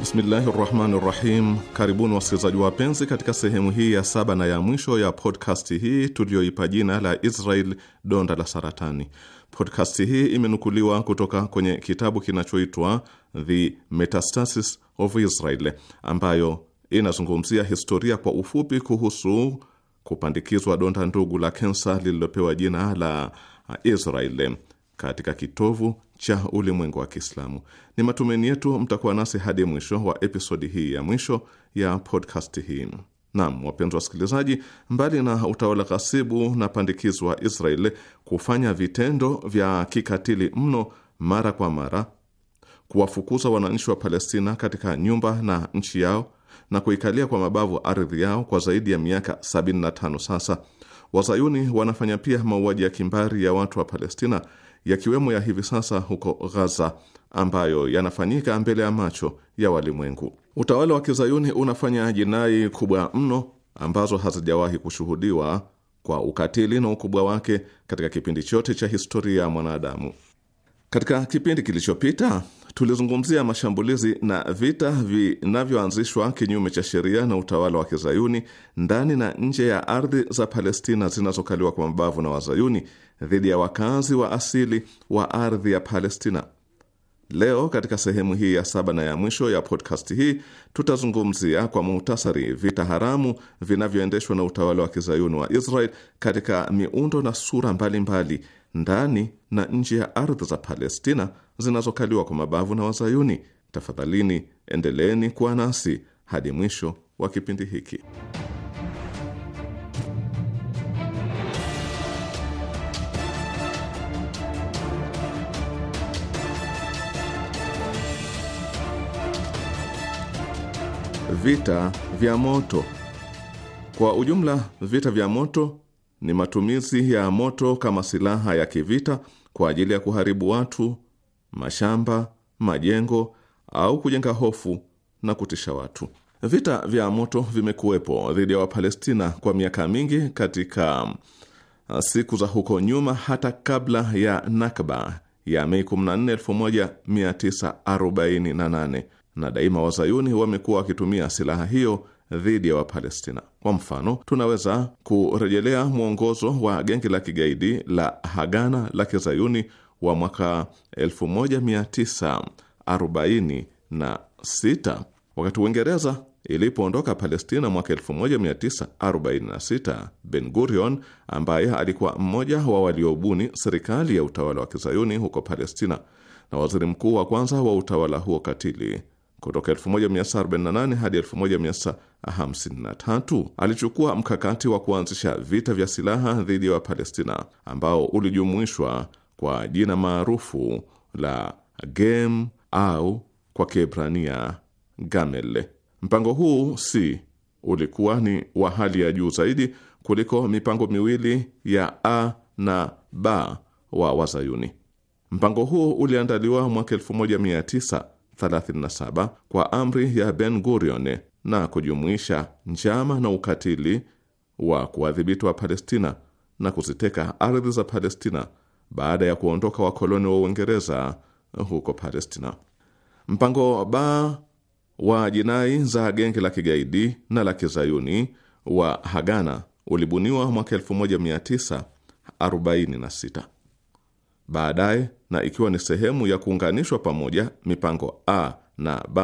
S4: Bismillahi rahmani rahim. Karibuni wasikilizaji wapenzi, katika sehemu hii ya saba na ya mwisho ya podkasti hii tuliyoipa jina la Israel donda la saratani. Podkasti hii imenukuliwa kutoka kwenye kitabu kinachoitwa The Metastasis of Israel ambayo inazungumzia historia kwa ufupi kuhusu kupandikizwa donda ndugu la kensa lililopewa jina la Israel katika kitovu cha ulimwengu wa Kiislamu. Ni matumaini yetu mtakuwa nasi hadi mwisho wa episodi hii ya mwisho ya podcast hii. Naam, wapenzi wasikilizaji, mbali na utawala ghasibu na pandikizo wa Israel kufanya vitendo vya kikatili mno mara kwa mara, kuwafukuza wananchi wa Palestina katika nyumba na nchi yao na kuikalia kwa mabavu ardhi yao kwa zaidi ya miaka 75 sasa. Wazayuni wanafanya pia mauaji ya kimbari ya watu wa Palestina, yakiwemo ya hivi sasa huko Ghaza ambayo yanafanyika mbele ya macho ya walimwengu. Utawala wa kizayuni unafanya jinai kubwa mno ambazo hazijawahi kushuhudiwa kwa ukatili na ukubwa wake katika kipindi chote cha historia ya mwanadamu. Katika kipindi kilichopita tulizungumzia mashambulizi na vita vinavyoanzishwa kinyume cha sheria na utawala wa kizayuni ndani na nje ya ardhi za Palestina zinazokaliwa kwa mabavu na wazayuni dhidi ya wakazi wa asili wa ardhi ya Palestina. Leo katika sehemu hii ya saba na ya mwisho ya podcast hii tutazungumzia kwa muhtasari vita haramu vinavyoendeshwa na utawala wa kizayuni wa Israel katika miundo na sura mbalimbali mbali ndani na nje ya ardhi za Palestina zinazokaliwa kwa mabavu na Wazayuni. Tafadhalini endeleeni kuwa nasi hadi mwisho wa kipindi hiki. Vita vya moto. Kwa ujumla, vita vya moto ni matumizi ya moto kama silaha ya kivita kwa ajili ya kuharibu watu, mashamba, majengo au kujenga hofu na kutisha watu. Vita vya moto vimekuwepo dhidi ya Wapalestina kwa miaka mingi katika uh, siku za huko nyuma, hata kabla ya Nakba ya Mei 14, 1948 na daima wazayuni wamekuwa wakitumia silaha hiyo dhidi ya Wapalestina. Kwa mfano, tunaweza kurejelea mwongozo wa genge la kigaidi la Hagana la Kizayuni wa mwaka 1946 wakati Uingereza ilipoondoka Palestina mwaka 1946, Ben Gurion ambaye alikuwa mmoja wa waliobuni serikali ya utawala wa Kizayuni huko Palestina na waziri mkuu wa kwanza wa utawala huo katili kutoka 1948 hadi 1953. Alichukua mkakati wa kuanzisha vita vya silaha dhidi ya Wapalestina ambao ulijumuishwa kwa jina maarufu la Gem au kwa Kiebrania Gamel. Mpango huu si ulikuwa ni wa hali ya juu zaidi kuliko mipango miwili ya A na B wa Wazayuni. Mpango huu uliandaliwa mwaka 1900 37 kwa amri ya Ben Gurion na kujumuisha njama na ukatili wa kuwadhibiti wa Palestina na kuziteka ardhi za Palestina baada ya kuondoka wakoloni wa Uingereza huko Palestina. Mpango ba wa jinai za genge la kigaidi na la kizayuni wa Hagana ulibuniwa mwaka 1946. Baadaye, na ikiwa ni sehemu ya kuunganishwa pamoja mipango A na B,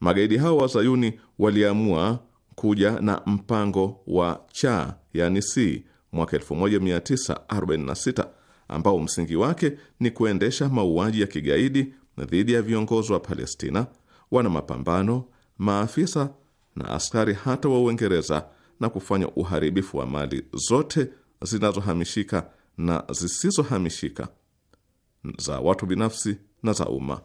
S4: magaidi hao wazayuni waliamua kuja na mpango wa cha yani C mwaka 1946 ambao msingi wake ni kuendesha mauaji ya kigaidi dhidi ya viongozi wa Palestina, wana mapambano, maafisa na askari hata wa Uingereza na kufanya uharibifu wa mali zote zinazohamishika na zisizohamishika za watu binafsi na za umma.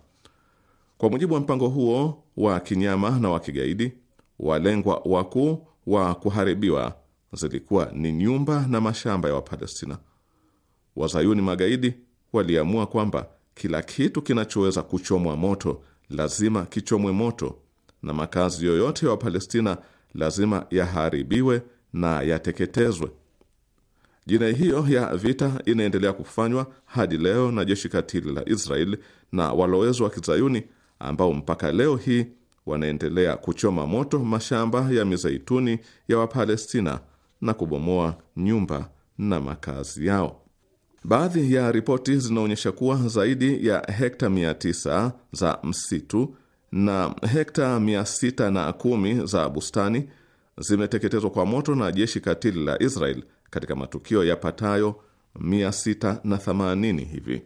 S4: Kwa mujibu wa mpango huo wa kinyama na wa kigaidi, walengwa wakuu wa kuharibiwa zilikuwa ni nyumba na mashamba ya Wapalestina. Wazayuni magaidi waliamua kwamba kila kitu kinachoweza kuchomwa moto lazima kichomwe moto na makazi yoyote ya Wapalestina lazima yaharibiwe na yateketezwe Jinai hiyo ya vita inaendelea kufanywa hadi leo na jeshi katili la Israel na walowezi wa Kizayuni ambao mpaka leo hii wanaendelea kuchoma moto mashamba ya mizeituni ya Wapalestina na kubomoa nyumba na makazi yao. Baadhi ya ripoti zinaonyesha kuwa zaidi ya hekta 900 za msitu na hekta 610 za bustani zimeteketezwa kwa moto na jeshi katili la Israel katika matukio yapatayo 680 hivi.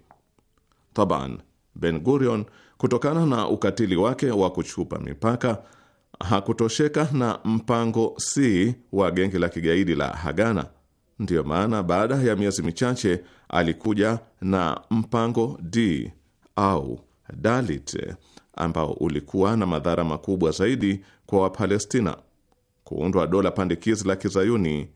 S4: Taban, Ben Gurion kutokana na ukatili wake wa kuchupa mipaka hakutosheka na mpango C wa genge la kigaidi la Hagana. Ndiyo maana baada ya miezi michache alikuja na mpango D au Dalit ambao ulikuwa na madhara makubwa zaidi kwa Wapalestina: kuundwa dola pandikizi la kizayuni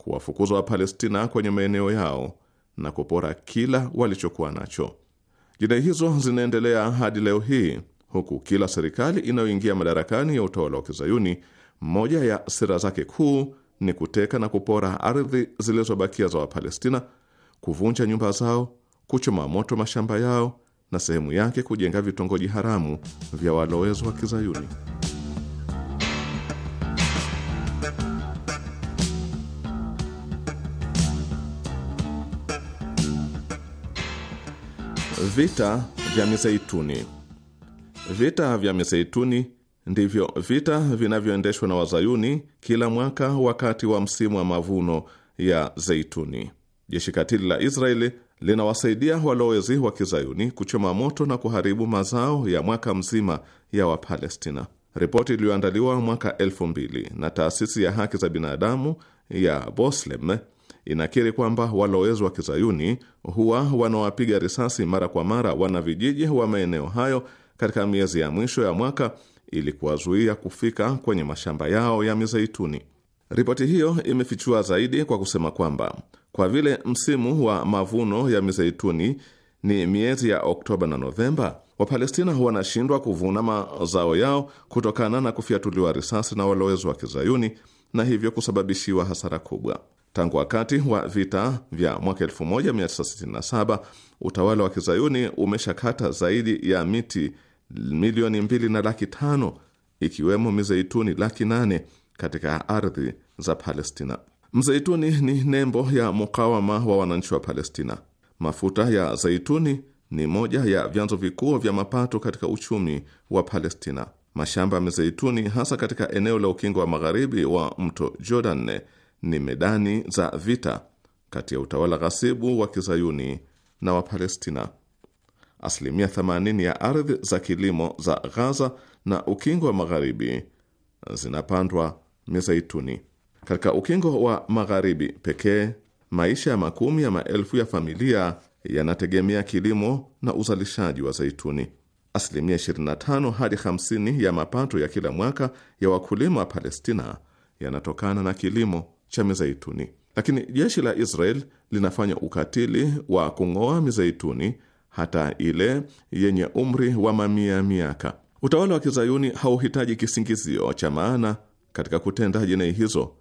S4: kuwafukuza Wapalestina kwenye maeneo yao na kupora kila walichokuwa nacho. Jinai hizo zinaendelea hadi leo hii, huku kila serikali inayoingia madarakani ya utawala wa Kizayuni, moja ya sera zake kuu ni kuteka na kupora ardhi zilizobakia za Wapalestina, kuvunja nyumba zao, kuchoma moto mashamba yao na sehemu yake kujenga vitongoji haramu vya walowezi wa Kizayuni. Vita vya Mizeituni. Vita vya Mizeituni ndivyo vita vinavyoendeshwa na Wazayuni kila mwaka wakati wa msimu wa mavuno ya zeituni. Jeshi katili la Israeli linawasaidia walowezi wa Kizayuni kuchoma moto na kuharibu mazao ya mwaka mzima ya Wapalestina. Ripoti iliyoandaliwa mwaka elfu mbili na taasisi ya haki za binadamu ya Boslem inakiri kwamba walowezi wa kizayuni huwa wanawapiga risasi mara kwa mara wanavijiji wa maeneo hayo katika miezi ya mwisho ya mwaka ili kuwazuia kufika kwenye mashamba yao ya mizeituni. Ripoti hiyo imefichua zaidi kwa kusema kwamba kwa vile msimu wa mavuno ya mizeituni ni miezi ya Oktoba na Novemba, Wapalestina wanashindwa kuvuna mazao yao kutokana na kufyatuliwa risasi na walowezi wa kizayuni na hivyo kusababishiwa hasara kubwa. Tangu wakati wa vita vya mwaka 1967 utawala wa kizayuni umeshakata zaidi ya miti milioni mbili na laki tano ikiwemo mizeituni laki nane katika ardhi za Palestina. Mzeituni ni nembo ya mukawama wa wananchi wa Palestina. Mafuta ya zeituni ni moja ya vyanzo vikuu vya mapato katika uchumi wa Palestina. Mashamba ya mizeituni hasa katika eneo la ukingo wa magharibi wa mto Jordan ni medani za vita kati ya utawala ghasibu wa kizayuni na Wapalestina. Asilimia 80 ya ardhi za kilimo za Ghaza na ukingo wa magharibi zinapandwa mizeituni. Katika ukingo wa magharibi pekee, maisha ya makumi ya maelfu ya familia yanategemea kilimo na uzalishaji wa zaituni. Asilimia 25 hadi 50 ya mapato ya kila mwaka ya wakulima wa Palestina yanatokana na kilimo cha mizeituni. Lakini jeshi la Israel linafanya ukatili wa kung'oa mizeituni hata ile yenye umri wa mamia miaka. Utawala wa kizayuni hauhitaji kisingizio cha maana katika kutenda jinai hizo,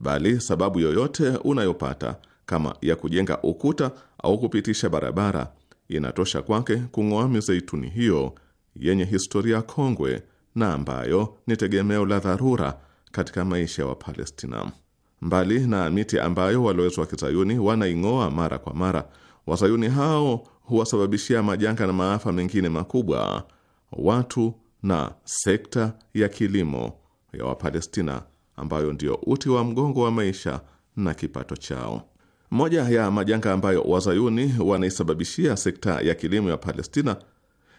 S4: bali sababu yoyote unayopata kama ya kujenga ukuta au kupitisha barabara inatosha kwake kung'oa mizeituni hiyo yenye historia kongwe na ambayo ni tegemeo la dharura katika maisha ya Wapalestina. Mbali na miti ambayo walowezi wa kizayuni wanaing'oa mara kwa mara, wazayuni hao huwasababishia majanga na maafa mengine makubwa watu na sekta ya kilimo ya Wapalestina ambayo ndio uti wa mgongo wa maisha na kipato chao. Moja ya majanga ambayo wazayuni wanaisababishia sekta ya kilimo ya Palestina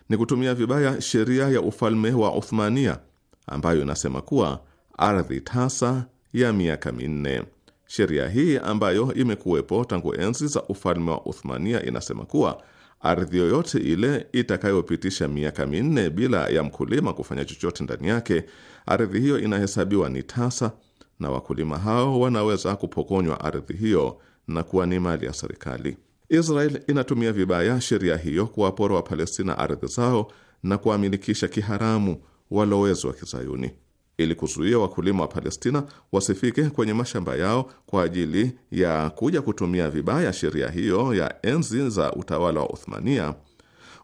S4: ni kutumia vibaya sheria ya ufalme wa Uthmania ambayo inasema kuwa ardhi tasa ya miaka minne. Sheria hii ambayo imekuwepo tangu enzi za ufalme wa Uthmania inasema kuwa ardhi yoyote ile itakayopitisha miaka minne bila ya mkulima kufanya chochote ndani yake, ardhi hiyo inahesabiwa ni tasa, na wakulima hao wanaweza kupokonywa ardhi hiyo na kuwa ni mali ya serikali. Israel inatumia vibaya sheria hiyo kuwapora Wapalestina ardhi zao na kuwamilikisha kiharamu walowezi wa Kizayuni ili kuzuia wakulima wa Palestina wasifike kwenye mashamba yao kwa ajili ya kuja kutumia vibaya sheria hiyo ya enzi za utawala wa Uthmania.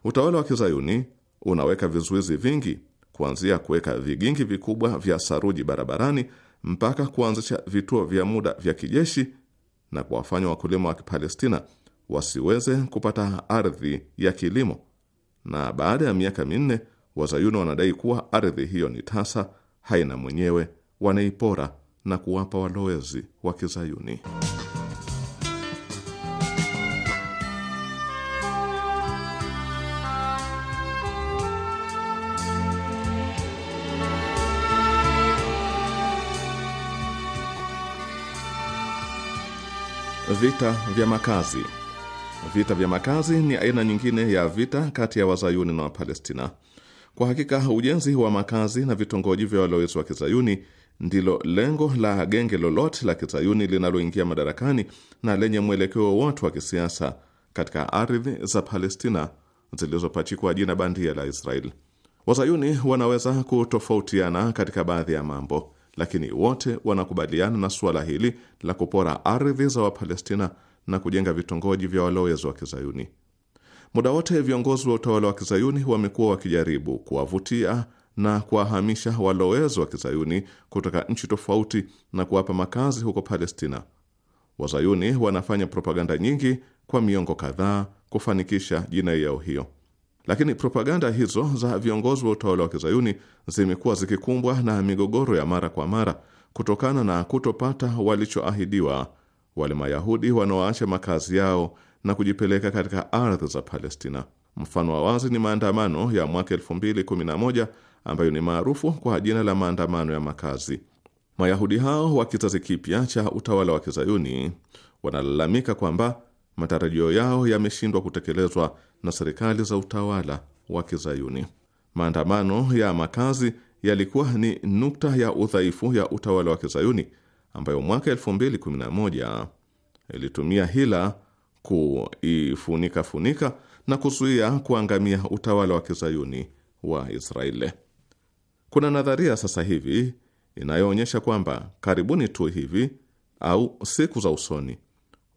S4: Utawala wa kizayuni unaweka vizuizi vingi, kuanzia kuweka vigingi vikubwa vya saruji barabarani mpaka kuanzisha vituo vya muda vya kijeshi na kuwafanya wakulima wa Palestina wasiweze kupata ardhi ya kilimo. Na baada ya miaka minne, wazayuni wanadai kuwa ardhi hiyo ni tasa haina mwenyewe, wanaipora na kuwapa walowezi wa Kizayuni. Vita vya makazi. Vita vya makazi ni aina nyingine ya vita kati ya Wazayuni na Wapalestina. Kwa hakika ujenzi wa makazi na vitongoji vya walowezi wa kizayuni ndilo lengo la genge lolote la kizayuni linaloingia madarakani na lenye mwelekeo wowote wa kisiasa katika ardhi za Palestina zilizopachikwa jina bandia la israel Wazayuni wanaweza kutofautiana katika baadhi ya mambo, lakini wote wanakubaliana na suala hili la kupora ardhi za Wapalestina na kujenga vitongoji vya walowezi wa kizayuni. Muda wote viongozi wa utawala wa kizayuni wamekuwa wakijaribu kuwavutia na kuwahamisha walowezi wa kizayuni kutoka nchi tofauti na kuwapa makazi huko Palestina. Wazayuni wanafanya propaganda nyingi kwa miongo kadhaa kufanikisha jinai yao hiyo, lakini propaganda hizo za viongozi wa utawala wa kizayuni zimekuwa zikikumbwa na migogoro ya mara kwa mara kutokana na kutopata walichoahidiwa wale Mayahudi wanaoacha makazi yao na kujipeleka katika ardhi za Palestina. Mfano wa wazi ni maandamano ya mwaka 2011 ambayo ni maarufu kwa jina la maandamano ya makazi. Mayahudi hao wa kizazi kipya cha utawala wa kizayuni wanalalamika kwamba matarajio yao yameshindwa kutekelezwa na serikali za utawala wa kizayuni. Maandamano ya makazi yalikuwa ni nukta ya udhaifu ya utawala wa kizayuni ambayo mwaka 2011 ilitumia hila kuifunikafunika na kuzuia kuangamia utawala wa kizayuni wa Israeli. Kuna nadharia sasa hivi inayoonyesha kwamba karibuni tu hivi au siku za usoni,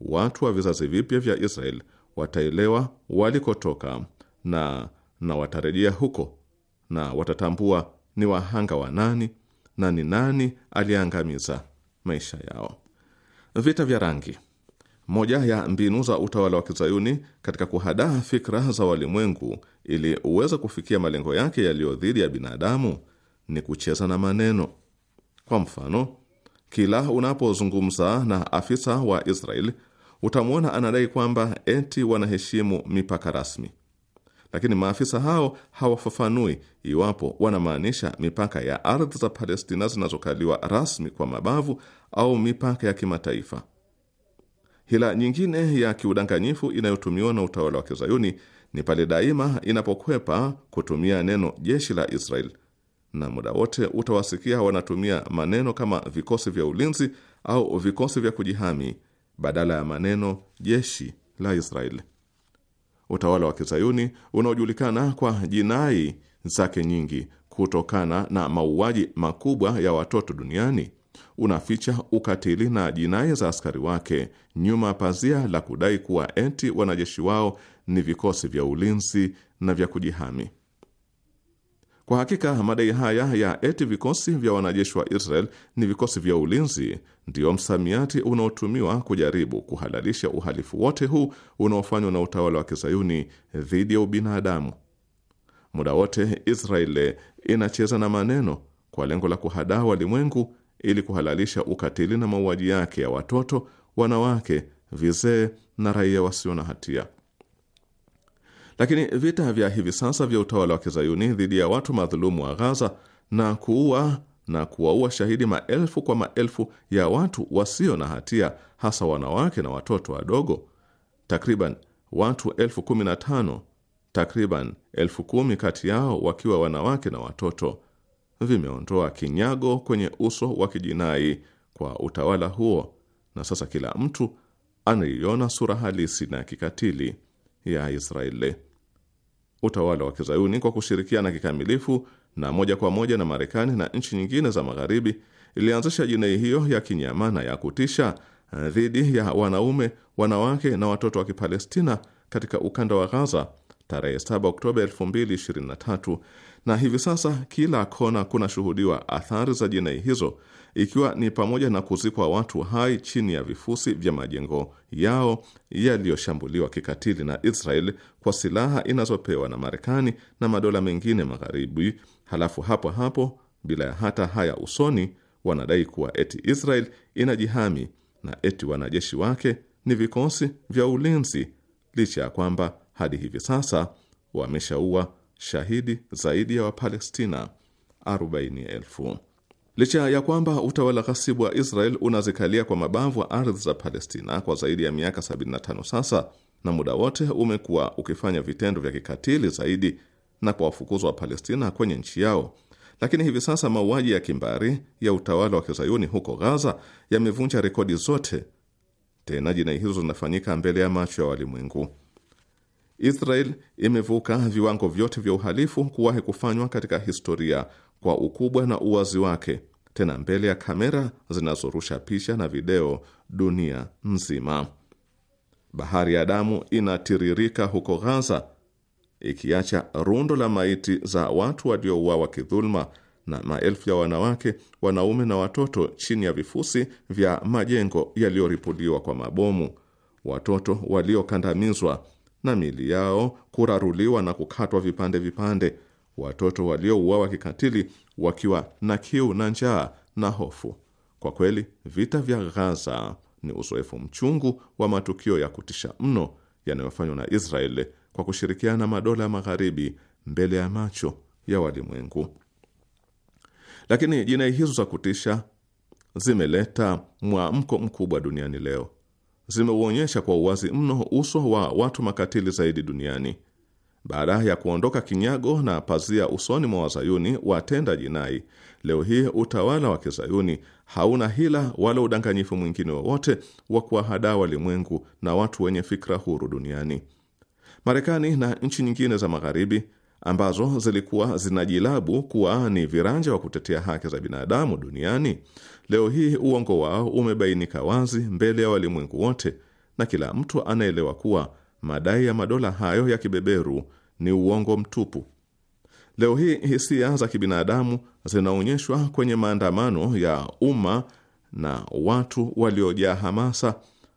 S4: watu wa vizazi vipya vya Israel wataelewa walikotoka na na watarejea huko na watatambua ni wahanga wa nani na ni nani aliyeangamiza maisha yao. Vita vya rangi moja ya mbinu za utawala wa kizayuni katika kuhadaa fikra za walimwengu ili uweze kufikia malengo yake yaliyo dhidi ya binadamu ni kucheza na maneno. Kwa mfano, kila unapozungumza na afisa wa Israel utamwona anadai kwamba eti wanaheshimu mipaka rasmi, lakini maafisa hao hawafafanui iwapo wanamaanisha mipaka ya ardhi za Palestina zinazokaliwa rasmi kwa mabavu au mipaka ya kimataifa. Hila nyingine ya kiudanganyifu inayotumiwa na utawala wa kizayuni ni pale daima inapokwepa kutumia neno jeshi la Israel, na muda wote utawasikia wanatumia maneno kama vikosi vya ulinzi au vikosi vya kujihami badala ya maneno jeshi la Israel. Utawala wa kizayuni unaojulikana kwa jinai zake nyingi kutokana na mauaji makubwa ya watoto duniani unaficha ukatili na jinai za askari wake nyuma ya pazia la kudai kuwa eti wanajeshi wao ni vikosi vya ulinzi na vya kujihami. Kwa hakika madai haya ya eti vikosi vya wanajeshi wa Israel ni vikosi vya ulinzi ndiyo msamiati unaotumiwa kujaribu kuhalalisha uhalifu wote huu unaofanywa na utawala wa kizayuni dhidi ya ubinadamu. Muda wote Israel inacheza na maneno kwa lengo la kuhadaa walimwengu ili kuhalalisha ukatili na mauaji yake ya watoto, wanawake, vizee na raia wasio na hatia. Lakini vita vya hivi sasa vya utawala wa kizayuni dhidi ya watu madhulumu wa Ghaza na kuua na kuwaua shahidi maelfu kwa maelfu ya watu wasio na hatia, hasa wanawake na watoto wadogo, takriban watu elfu kumi na tano, takriban elfu kumi kati yao wakiwa wanawake na watoto vimeondoa kinyago kwenye uso wa kijinai kwa utawala huo, na sasa kila mtu anaiona sura halisi na kikatili ya Israeli. Utawala wa kizayuni kwa kushirikiana kikamilifu na moja kwa moja na Marekani na nchi nyingine za Magharibi ilianzisha jinai hiyo ya kinyama na ya kutisha eh, dhidi ya wanaume, wanawake na watoto wa Kipalestina katika ukanda wa Ghaza tarehe 7 Oktoba 2023 na hivi sasa kila kona kuna shuhudiwa athari za jinai hizo, ikiwa ni pamoja na kuzikwa watu hai chini ya vifusi vya majengo yao yaliyoshambuliwa kikatili na Israel kwa silaha inazopewa na Marekani na madola mengine magharibi. Halafu hapo hapo, bila ya hata haya usoni, wanadai kuwa eti Israel inajihami na eti wanajeshi wake ni vikosi vya ulinzi, licha ya kwamba hadi hivi sasa wameshaua shahidi zaidi ya Wapalestina 40,000. Licha ya kwamba utawala ghasibu wa Israel unazikalia kwa mabavu wa ardhi za Palestina kwa zaidi ya miaka 75 sasa, na muda wote umekuwa ukifanya vitendo vya kikatili zaidi na kuwafukuzwa Wapalestina kwenye nchi yao, lakini hivi sasa mauaji ya kimbari ya utawala wa kizayuni huko Gaza yamevunja rekodi zote. Tena jinai hizo zinafanyika mbele ya macho ya walimwengu. Israel imevuka viwango vyote vya uhalifu kuwahi kufanywa katika historia kwa ukubwa na uwazi wake, tena mbele ya kamera zinazorusha picha na video dunia nzima. Bahari ya damu inatiririka huko Ghaza, ikiacha rundo la maiti za watu waliouawa kidhuluma na maelfu ya wanawake, wanaume na watoto chini ya vifusi vya majengo yaliyoripuliwa kwa mabomu, watoto waliokandamizwa na miili yao kuraruliwa na kukatwa vipande vipande, watoto waliouawa kikatili wakiwa na kiu na njaa na hofu. Kwa kweli vita vya Ghaza ni uzoefu mchungu wa matukio ya kutisha mno yanayofanywa na Israeli kwa kushirikiana na madola ya magharibi mbele ya macho ya walimwengu. Lakini jinai hizo za kutisha zimeleta mwamko mkubwa duniani leo zimeuonyesha kwa uwazi mno uso wa watu makatili zaidi duniani. Baada ya kuondoka kinyago na pazia usoni mwa wazayuni watenda jinai, leo hii utawala wa kizayuni hauna hila wala udanganyifu mwingine wowote wa kuwahadaa walimwengu na watu wenye fikra huru duniani. Marekani na nchi nyingine za Magharibi ambazo zilikuwa zinajilabu kuwa ni viranja wa kutetea haki za binadamu duniani, leo hii uongo wao umebainika wazi mbele ya walimwengu wote, na kila mtu anaelewa kuwa madai ya madola hayo ya kibeberu ni uongo mtupu. Leo hii hisia za kibinadamu zinaonyeshwa kwenye maandamano ya umma na watu waliojaa hamasa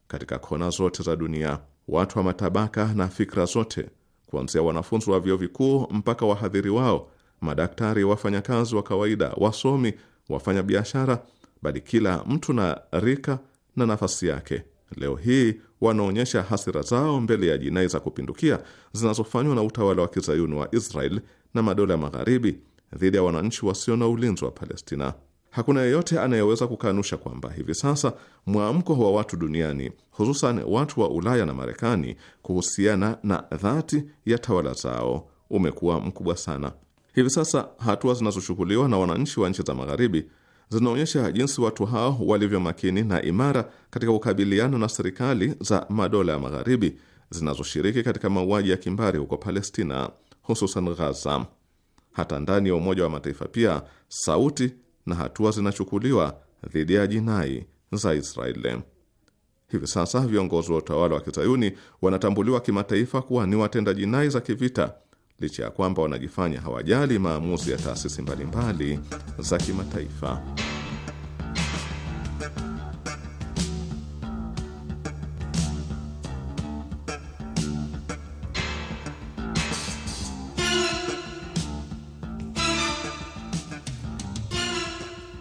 S4: katika kona zote za dunia, watu wa matabaka na fikra zote kuanzia wanafunzi wa vyuo vikuu mpaka wahadhiri wao, madaktari, wafanyakazi wa kawaida, wasomi, wafanya biashara, bali kila mtu na rika na nafasi yake. Leo hii wanaonyesha hasira zao mbele ya jinai za kupindukia zinazofanywa na utawala wa kizayuni wa Israel na madola ya magharibi dhidi ya wananchi wasio na ulinzi wa Palestina. Hakuna yeyote anayeweza kukanusha kwamba hivi sasa mwamko wa watu duniani, hususan watu wa Ulaya na Marekani, kuhusiana na dhati ya tawala zao umekuwa mkubwa sana. Hivi sasa hatua zinazochukuliwa na wananchi wa nchi za Magharibi zinaonyesha jinsi watu hao walivyo makini na imara katika kukabiliana na serikali za madola ya Magharibi zinazoshiriki katika mauaji ya kimbari huko Palestina, hususan Ghaza. Hata ndani ya Umoja wa Mataifa pia sauti na hatua zinachukuliwa dhidi ya jinai za Israeli. Hivi sasa viongozi wa utawala wa kizayuni wanatambuliwa kimataifa kuwa ni watenda jinai za kivita, licha ya kwamba wanajifanya hawajali maamuzi ya taasisi mbalimbali za kimataifa.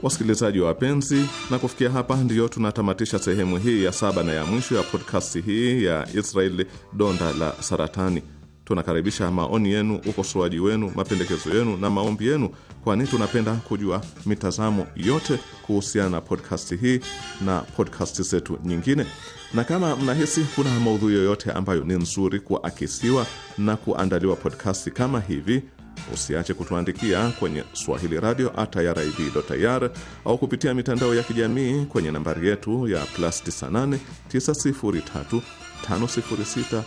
S4: wasikilizaji wa wapenzi, na kufikia hapa ndiyo tunatamatisha sehemu hii ya saba na ya mwisho ya podkasti hii ya Israeli donda la saratani. Tunakaribisha maoni yenu, ukosoaji wenu, mapendekezo yenu na maombi yenu, kwani tunapenda kujua mitazamo yote kuhusiana na podkasti hii na podkasti zetu nyingine. Na kama mnahisi kuna maudhui yoyote ambayo ni nzuri kuakisiwa na kuandaliwa podkasti kama hivi Usiache kutuandikia kwenye swahili radio irib.ir au kupitia mitandao ya kijamii kwenye nambari yetu ya plus 98 903 506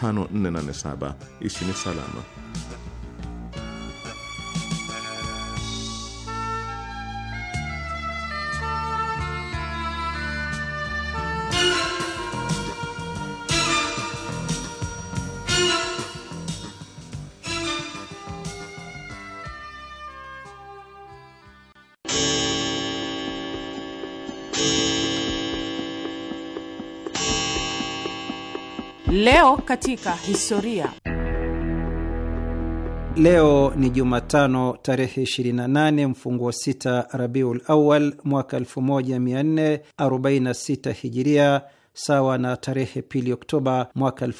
S4: 5487. Ishini salama.
S1: Leo katika historia.
S2: Leo ni Jumatano tarehe 28 mfunguo 6 Rabiul Awal mwaka 1446 Hijiria, sawa na tarehe pili Oktoba mwaka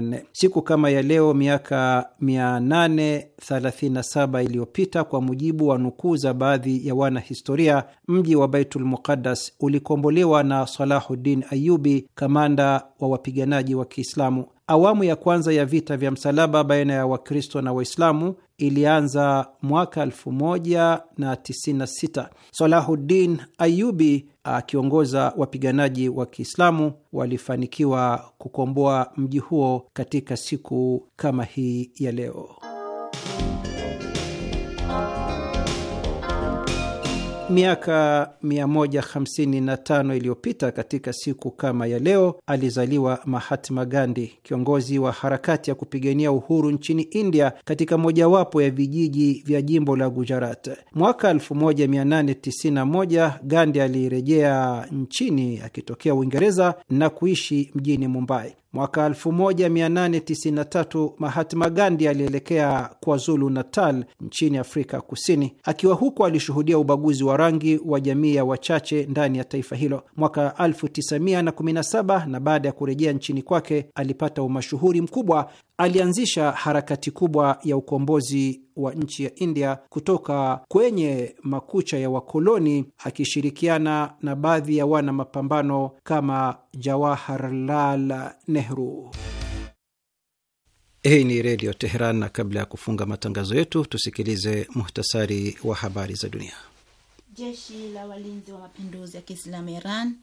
S2: nne. Siku kama ya leo miaka 837 iliyopita, kwa mujibu wa nukuu za baadhi ya wanahistoria, mji wa Baitul Muqaddas ulikombolewa na Salahuddin Ayubi, kamanda wa wapiganaji wa Kiislamu. Awamu ya kwanza ya vita vya msalaba baina ya Wakristo na Waislamu ilianza mwaka 1996. Salahuddin Ayubi akiongoza ah, wapiganaji wa Kiislamu walifanikiwa kukomboa mji huo katika siku kama hii ya leo. Miaka 155 iliyopita katika siku kama ya leo alizaliwa Mahatma Gandhi, kiongozi wa harakati ya kupigania uhuru nchini India, katika mojawapo ya vijiji vya jimbo la Gujarat. Mwaka 1891 Gandhi alirejea nchini akitokea Uingereza na kuishi mjini Mumbai. Mwaka 1893 Mahatma Gandhi alielekea KwaZulu Natal nchini Afrika Kusini. Akiwa huko, alishuhudia ubaguzi wa rangi wa jamii ya wachache ndani ya taifa hilo. Mwaka 1917 na baada ya kurejea nchini kwake, alipata umashuhuri mkubwa alianzisha harakati kubwa ya ukombozi wa nchi ya India kutoka kwenye makucha ya wakoloni akishirikiana na baadhi ya wana mapambano kama Jawaharlal Nehru. Hii ni Redio Teheran, na kabla ya kufunga matangazo yetu tusikilize muhtasari wa habari za dunia.
S5: Jeshi la walinzi wa mapinduzi ya Kiislamu Iran,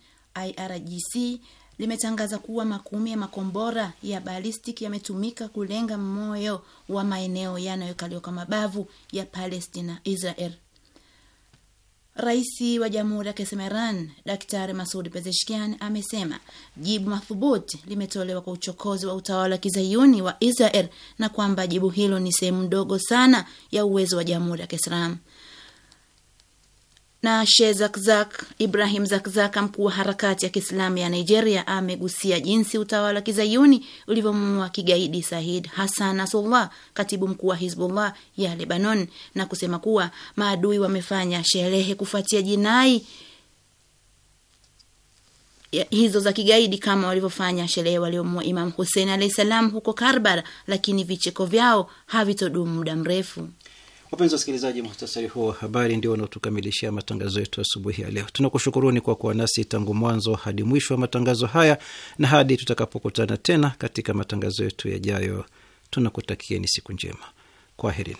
S5: IRGC limetangaza kuwa makumi ya makombora ya balistiki yametumika kulenga moyo wa maeneo yanayokaliwa kwa mabavu ya Palestina Israel. Rais wa Jamhuri ya Kisemeran Daktari Masud Pezeshkian amesema jibu mathubuti limetolewa kwa uchokozi wa utawala wa kizayuni wa Israel na kwamba jibu hilo ni sehemu ndogo sana ya uwezo wa Jamhuri ya Kiislamu. Na Sheikh Zakzak Ibrahim Zakzaka, mkuu wa harakati ya Kiislamu ya Nigeria, amegusia jinsi utawala wa kizayuni ulivyomuua kigaidi Said Hassan Nasrallah, katibu mkuu wa Hizbullah ya Lebanon, na kusema kuwa maadui wamefanya sherehe kufuatia jinai hizo za kigaidi kama walivyofanya sherehe waliomua Imam Hussein alahi salam huko Karbala, lakini vicheko vyao havitodumu muda mrefu.
S2: Wapenzi wasikilizaji, muhtasari huo wa habari ndio wanaotukamilishia matangazo yetu asubuhi ya leo. Tunakushukuruni kwa kuwa nasi tangu mwanzo hadi mwisho wa matangazo haya, na hadi tutakapokutana tena katika matangazo yetu yajayo, tunakutakieni siku njema. Kwaherini.